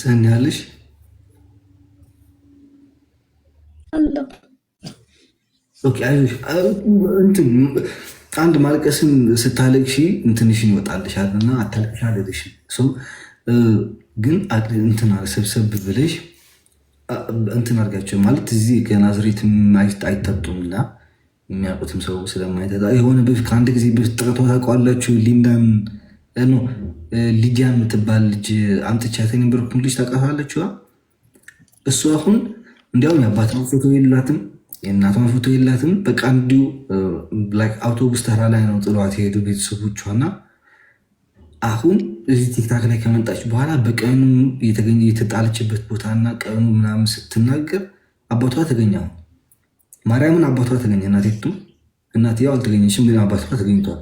ሰናልሽ አንድ ማልቀስን ስታለቅሺ እንትንሽን ይወጣልሻል እና አታልቅሽ አለቅሽም ግን እንትን ሰብሰብ ብለሽ እንትን አድርጋቸው ማለት እዚህ ከናዝሬት አይታጡም እና የሚያውቁትም ሰው ስለማይጠጣ የሆነ ከአንድ ጊዜ በፊት ጠቅቶ ታውቋላችሁ ሊንዳን ሊዲያ የምትባል ልጅ አምጥቻት የነበርኩን ልጅ ታውቃታለች። እሱ አሁን እንዲያውም የአባት ፎቶ የላትም የእናቷ ፎቶ የላትም። በቃ እንዲሁ አውቶቡስ ተራ ላይ ነው ጥሏት የሄዱ ቤተሰቦቿ እና አሁን እዚህ ቲክታክ ላይ ከመጣች በኋላ በቀኑ የተገኘ የተጣለችበት ቦታ እና ቀኑ ምናምን ስትናገር አባቷ ተገኘ። ማርያምን አባቷ ተገኘ። እናቴቱም እናትየው አልተገኘችም፣ ግን አባቷ ተገኝቷል።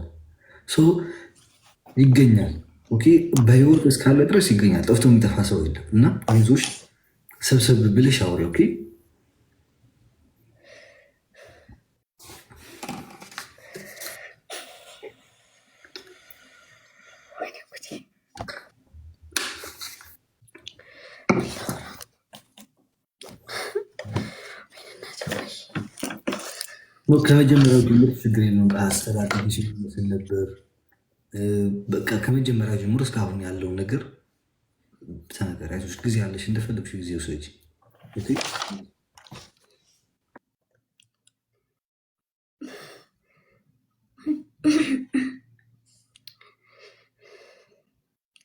ይገኛል። ኦኬ በህይወት እስካለ ድረስ ይገኛል። ጠፍቶ የሚጠፋ ሰው የለም እና አይዞሽ፣ ሰብሰብ ብለሽ አውሪ። ኦኬ ከመጀመሪያው ጀምሮ ችግር የለውም። አስተዳደር ሲል ነበር በቃ ከመጀመሪያ ጀምሮ እስካሁን ያለውን ነገር ተነጋሪያቶች ጊዜ ያለሽ እንደፈለግሽ ጊዜ ውሰጅ።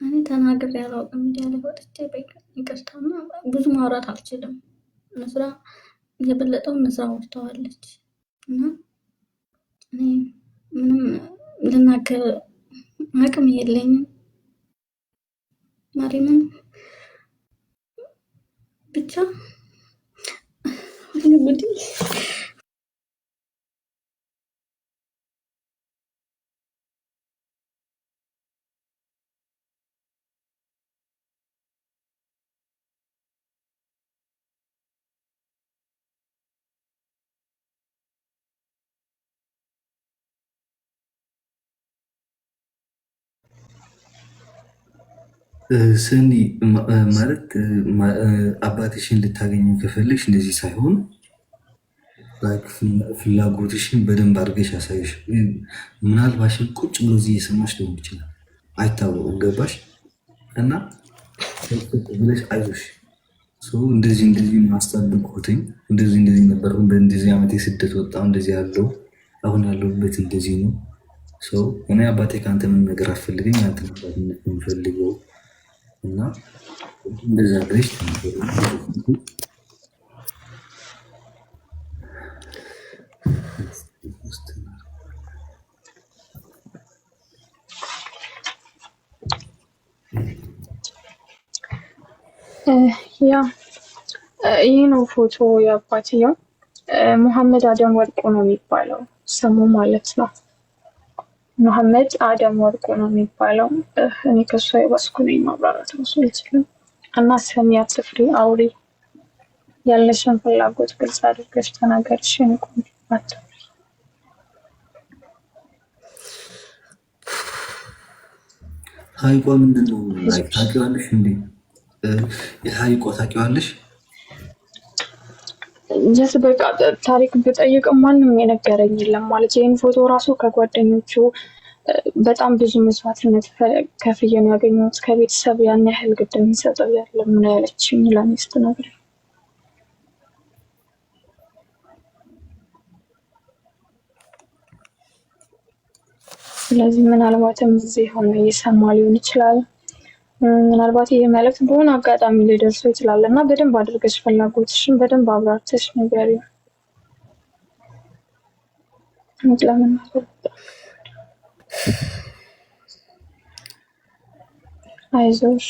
እኔ ተናግሬ አላውቅም። ሚዲያ ላይ ወጥቼ ይቅርታና ብዙ ማውራት አልችልም። ንስራ የበለጠው ንስራ ወርተዋለች እና ምንም ልናገር አቅም የለኝም። ማርያምን ብቻ እንግዲህ ሰኒ ማለት አባትሽን ልታገኙ ከፈለግሽ እንደዚህ ሳይሆን ፍላጎትሽን በደንብ አድርገሽ ያሳየሽ። ምናልባሽን ቁጭ ብሎ እዚህ እየሰማሽ ሊሆን ይችላል፣ አይታወቅም። ገባሽ እና ብለሽ አይዞሽ እንደዚህ እንደዚህ ማስታደግኩትኝ እንደዚህ እንደዚህ ነበር፣ በእንደዚህ ዓመት የስደት ወጣ እንደዚህ ያለው አሁን ያለሁበት እንደዚህ ነው። እኔ አባቴ ከአንተ ምን ነገር አፈልገኝ አንተ ባትነት ምፈልገው እና እንደዛ ብለሽ ያ ይህ ነው ፎቶ የአባትየው። መሐመድ አደም ወርቁ ነው የሚባለው ስሙ ማለት ነው። መሐመድ አደም ወርቁ ነው የሚባለው። እኔ ከእሷ የባስኩ ነኝ። ማብራራት ራሱ አልችልም። እና ሰሚያ ጽፍሪ አውሪ፣ ያለሽን ፍላጎት ግልጽ አድርገሽ ተናገር። ሽንቁባት ሀይቋ ምንድን ነው ታውቂዋለሽ እንዴ? ሀይቋ ታውቂዋለሽ? ጀስ በቃ ታሪክ ብጠይቅ ማንም የነገረኝ የለም ማለት ይህን ፎቶ ራሱ ከጓደኞቹ በጣም ብዙ መስዋዕትነት ከፍዬ ነው ያገኘሁት። ከቤተሰብ ያን ያህል ግድ የሚሰጠው ያለም ነው ያለችኝ ለሚስት ነገር ስለዚህ ምናልባትም እዚህ ሆነ እየሰማ ሊሆን ይችላል። ምናልባት ይህ መልእክት በሆነ አጋጣሚ ሊደርሶ ይችላል እና በደንብ አድርገሽ ፍላጎትሽን በደንብ አብራርተሽ ነገር አይዞሽ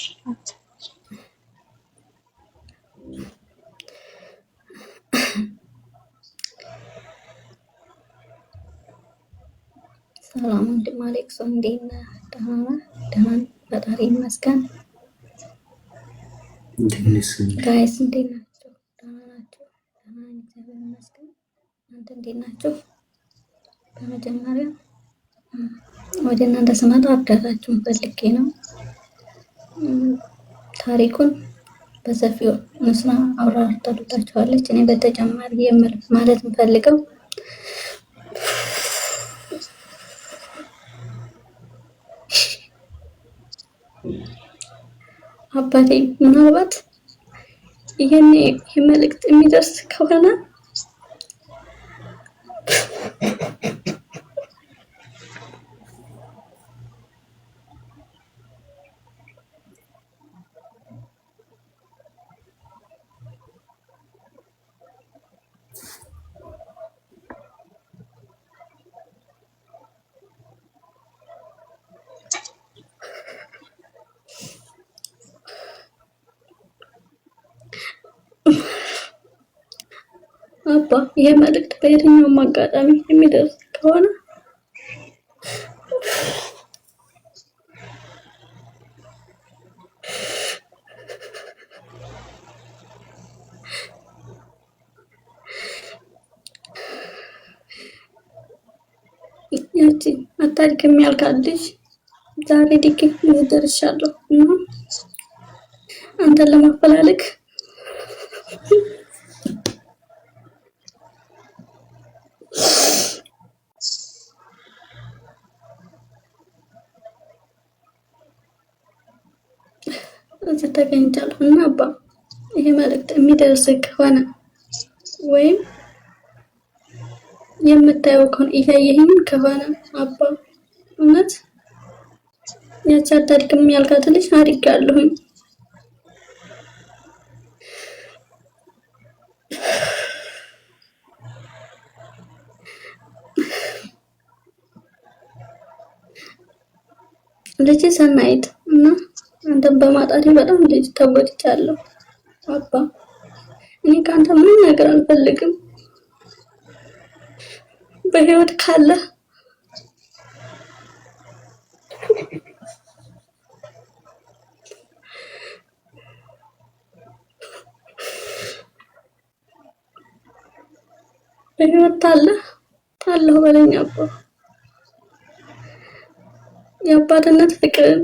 ሰላም ወንድም አሌክሶ እንዴት ነህ? ደህና ነህ? ደህና ፈጣሪ ይመስገን። ጋይስ እንዴት ናቸው? ደህና ናቸው? ደህና እግዚአብሔር ይመስገን። እንዴት ናቸው? በመጀመሪያ ወደ እናንተ ስመጣ እርዳታችሁን ፈልጌ ነው። ታሪኩን በሰፊው አውራ አብራርታችኋለች። እኔ በተጨማሪ ማለት የምፈልገው አባቴ ምናልባት ይህኔ ይህ መልእክት የሚደርስ ከሆነ አባ ይሄ መልእክት በየትኛውም አጋጣሚ የሚደርስ ከሆነ ያቺ አታሪክ ያልካት ልጅ ዛሬ ዲክ ደርሻለሁ እና አንተን ለማፈላለግ እዚህ ተገኝቻለሁ እና አባ ይሄ መልእክት የሚደርስ ከሆነ ወይም የምታየው ከሆነ እያየህኝ ከሆነ አባ እውነት ያቺ አታድግም ያልካት ልጅ አድጋለሁኝ ልጅ ሰናይት እና አንተን በማጣቴ በጣም ልጅ ተጎድቻለሁ አባ። እኔ ከአንተ ምንም ነገር አልፈልግም። በህይወት ካለ በህይወት ታለ ታለሁ በለኝ አባ የአባትነት ፍቅርን